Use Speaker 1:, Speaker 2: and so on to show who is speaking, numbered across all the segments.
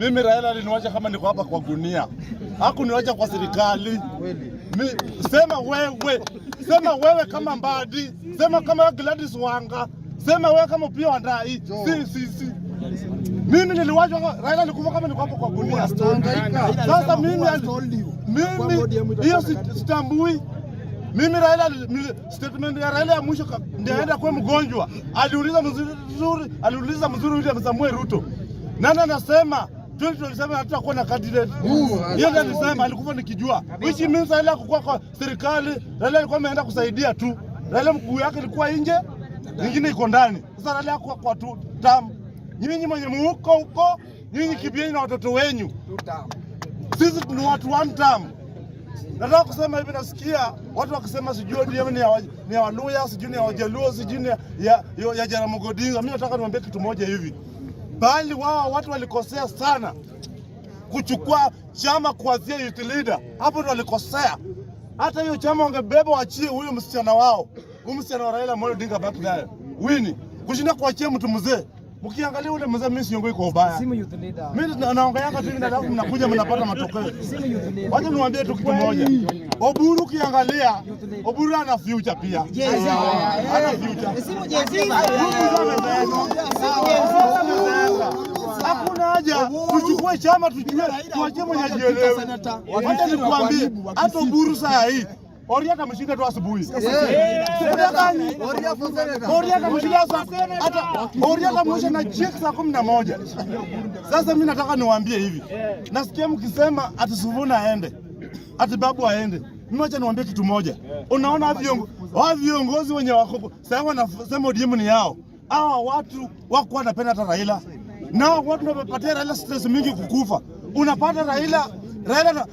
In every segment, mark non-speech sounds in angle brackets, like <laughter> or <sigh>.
Speaker 1: Mimi Raila aliniwacha kama niko hapa kwa gunia, hakuniwacha kwa serikali. Mi, sema wewe, sema wewe kama Mbadi, sema kama Gladys Wanga, sema wewe kama Opiyo Wandayi. Si, si, si. Mimi niliwachwa, Raila nikuwa kama niko hapa kwa gunia. Sasa mimi mimi hiyo sitambui. Mimi Raila, statement ya Raila ya mwisho ndiye aenda kwa mgonjwa, aliuliza mzuri, aliuliza mzuri William Samuel Ruto, nani anasema 2027 hatutakuwa na candidate. Hiyo ndio alisema, alikuwa nikijua. Which means Raila alikuwa kwa serikali, Raila alikuwa ameenda kusaidia tu. Raila mguu yake ilikuwa nje, nyingine iko ndani. Sasa Raila alikuwa kwa tu tam. Nyinyi mwenye muko huko, nyinyi kibieni na watoto wenyu. Sisi ni watu one term. Nataka kusema hivi, nasikia watu wakisema sijui ODM ni ya, ni ya Waluya, sijui ni ya Wajaluo, sijui ya, ya, ya Jaramogi Odinga. Mimi nataka niwaambie kitu moja hivi bali wao watu walikosea sana kuchukua chama kuanzia youth leader. Hapo ndo walikosea. Hata hiyo chama wangebeba wachie huyo msichana wao, huyu msichana wa Raila Amolo Odinga baki nayo wini kushinda kuachia mtu mzee. Ukiangalia ule mzee, mimi siongoi kwa ubaya.
Speaker 2: Mimi
Speaker 1: naongeanga tu, alafu mnakuja mnapata matokeo. Wacha niwaambie tu kitu moja, Oburu ukiangalia, Oburu ana future pia, ana
Speaker 2: future
Speaker 1: Hakuna haja tuchukue chama tuchukue tuachie mwenye ajielewe. Wacha nikuambie hata Oburu saa hii Oria kamshinda tu asubuhi.
Speaker 3: Eh.
Speaker 1: Oria gani? Hata Oria kamwisha na check saa kumi na moja. Sasa mimi nataka niwaambie hivi. Eh. Nasikia mkisema ati Suvuna aende. Ati babu aende. Mimi acha niwaambie kitu moja. Eh. Unaona viongozi, wao viongozi wenye wako sasa wanasema ODM ni yao. Hawa watu wako wanapenda hata Raila. Nao watu wanapatia Raila stress mingi kukufa. Unapata Raila Raila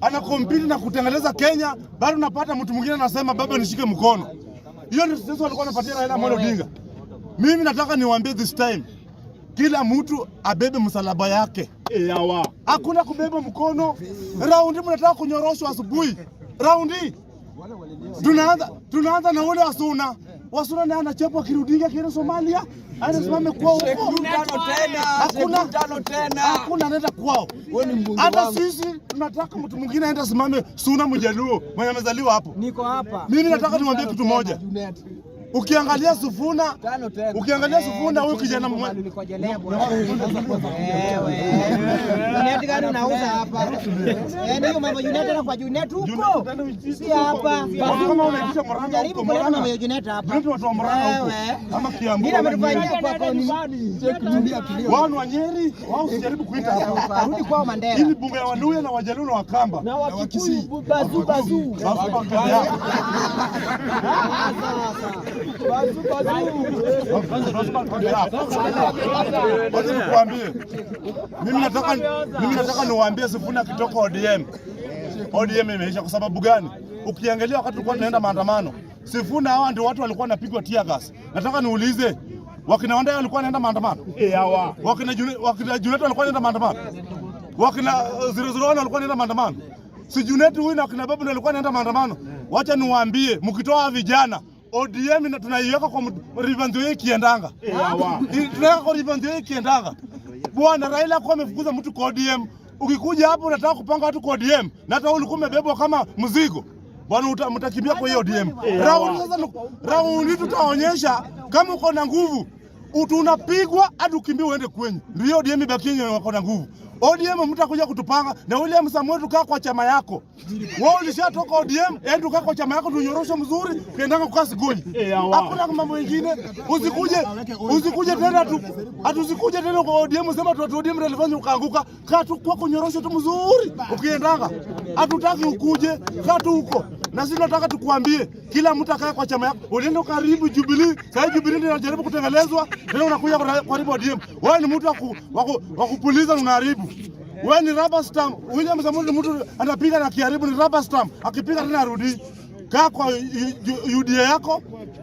Speaker 1: anakompiti na kutengeneza Kenya, bado unapata mtu mwingine anasema baba nishike mkono. Hiyo ndio sisi walikuwa wanapatia Raila Amolo Odinga. Mimi nataka niwaambie this time, kila mtu abebe msalaba yake. Yawa. hakuna kubeba mkono. Raundi mnataka kunyoroshwa asubuhi, raundi tunaanza tunaanza na ule Wasuna. Wasuna naye anachepwa kirudinga kienda Somalia anasimame kwao huko, hakuna anaenda kwao. Hata sisi tunataka mtu mwingine aende asimame, Suna Mjaluo mwenye amezaliwa hapo.
Speaker 2: Niko hapa
Speaker 1: mimi, nataka niwaambie kitu moja Ukiangalia Sufuna, ukiangalia eh, Sufuna huyu kijana mmoja wa eh, Nyeri, wao usijaribu kuita
Speaker 2: hapa bunge
Speaker 1: ya na Wajaluo na Wakamba
Speaker 2: na Wakisii <laughs> Nikuambie
Speaker 1: mimi, nataka niwaambie Sifuna kutoka ODM. ODM imeisha. Kwa sababu gani? Ukiangalia wakati tulikuwa tunaenda maandamano, Sifuna hawa ndio watu walikuwa wanapigwa tear gas. Nataka niulize wakina Wandai eh, walikuwa wanaenda maandamano? Wakina Junet walikuwa wanaenda maandamano? Wakina Ziroziro walikuwa wanaenda maandamano? Si Junet huyu na wakina Babu walikuwa wanaenda maandamano? Wacha niwaambie, mkitoa vijana ODM tunaiweka kwa rivandio yake kiendanga, eh, Tunaiweka kwa rivandio yake kiendanga. Bwana Raila kwa amefukuza mtu kwa ODM, ukikuja hapo unataka kupanga watu kwa ODM na hata ulikuwa umebebwa kama mzigo bwana, mtakimbia kwa hiyo ODM. Eh, raundi sasa, raundi tutaonyesha kama uko na nguvu, utunapigwa hadi ukimbie uende kwenye ndio ODM ibaki wako na nguvu. ODM mtakuja kutupanga na William Samuel, tukaa kwa chama yako wewe. Ulishatoka ODM, yaani tukaa kwa chama yako, tunyoroshe mzuri, tuendanga kukaa sigoni, eh, hakuna mambo mengine. Usikuje usikuje tena tu, Hatuzikuje tena kwa ODM, sema tu ODM relevant, ukaanguka. Kaa tu kwa kunyorosha tu mzuri, ukiendanga hatutaki ukuje, kaa tu huko na sisi tunataka tukuambie, kila mtu akae kwa chama yako. Ulienda karibu Jubilee, sasa Jubilee ndio inajaribu kutengelezwa, leo unakuja karibu ODM. Wewe ni mtu wa kupuliza, unaharibu wewe ni rubber stamp. William Samuel ni mtu anapiga na kiharibu, ni rubber stamp, akipiga tena arudi. Kaa kwa UDA yako,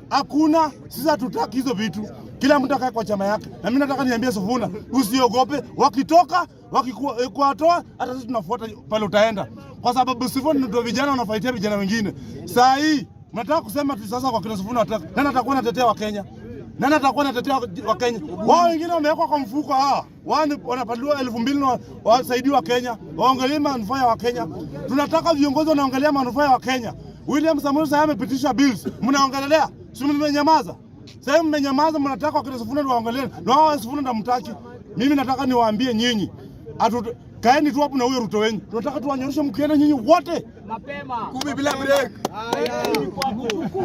Speaker 1: hakuna sisi hatutaki hizo vitu. Kila mtu akae kwa chama yake, na mimi nataka niambie Sifuna, usiogope. Wakitoka wakikuatoa, eh, hata sisi tunafuata pale utaenda kwa sababu Sifuni ndio vijana wanafaitia vijana wengine. Saa hii mnataka kusema tu sasa kwa kina Sifuni wataka nani atakuwa anatetea Wakenya? Nani atakuwa anatetea Wakenya? Wao wengine wamewekwa kwa mfuko ah, wao wanapaliwa elfu mbili na wasaidii wa Kenya, waongelee manufaa ya Wakenya. Tunataka viongozi wanaongelea manufaa ya Wakenya. William Samuel Saha amepitisha bills, Mnaongelea? si mmenyamaza. Sasa mmenyamaza, mnataka wakina Sifuni waongelee, na wao Sifuni ndio mtaki. Mimi nataka niwaambie nyinyi atu Kaeni tu hapo na huyo Ruto wenyu. Tunataka tuwanyoroshe mkienda nyinyi wote.
Speaker 3: Mapema.
Speaker 4: Kumi bila break.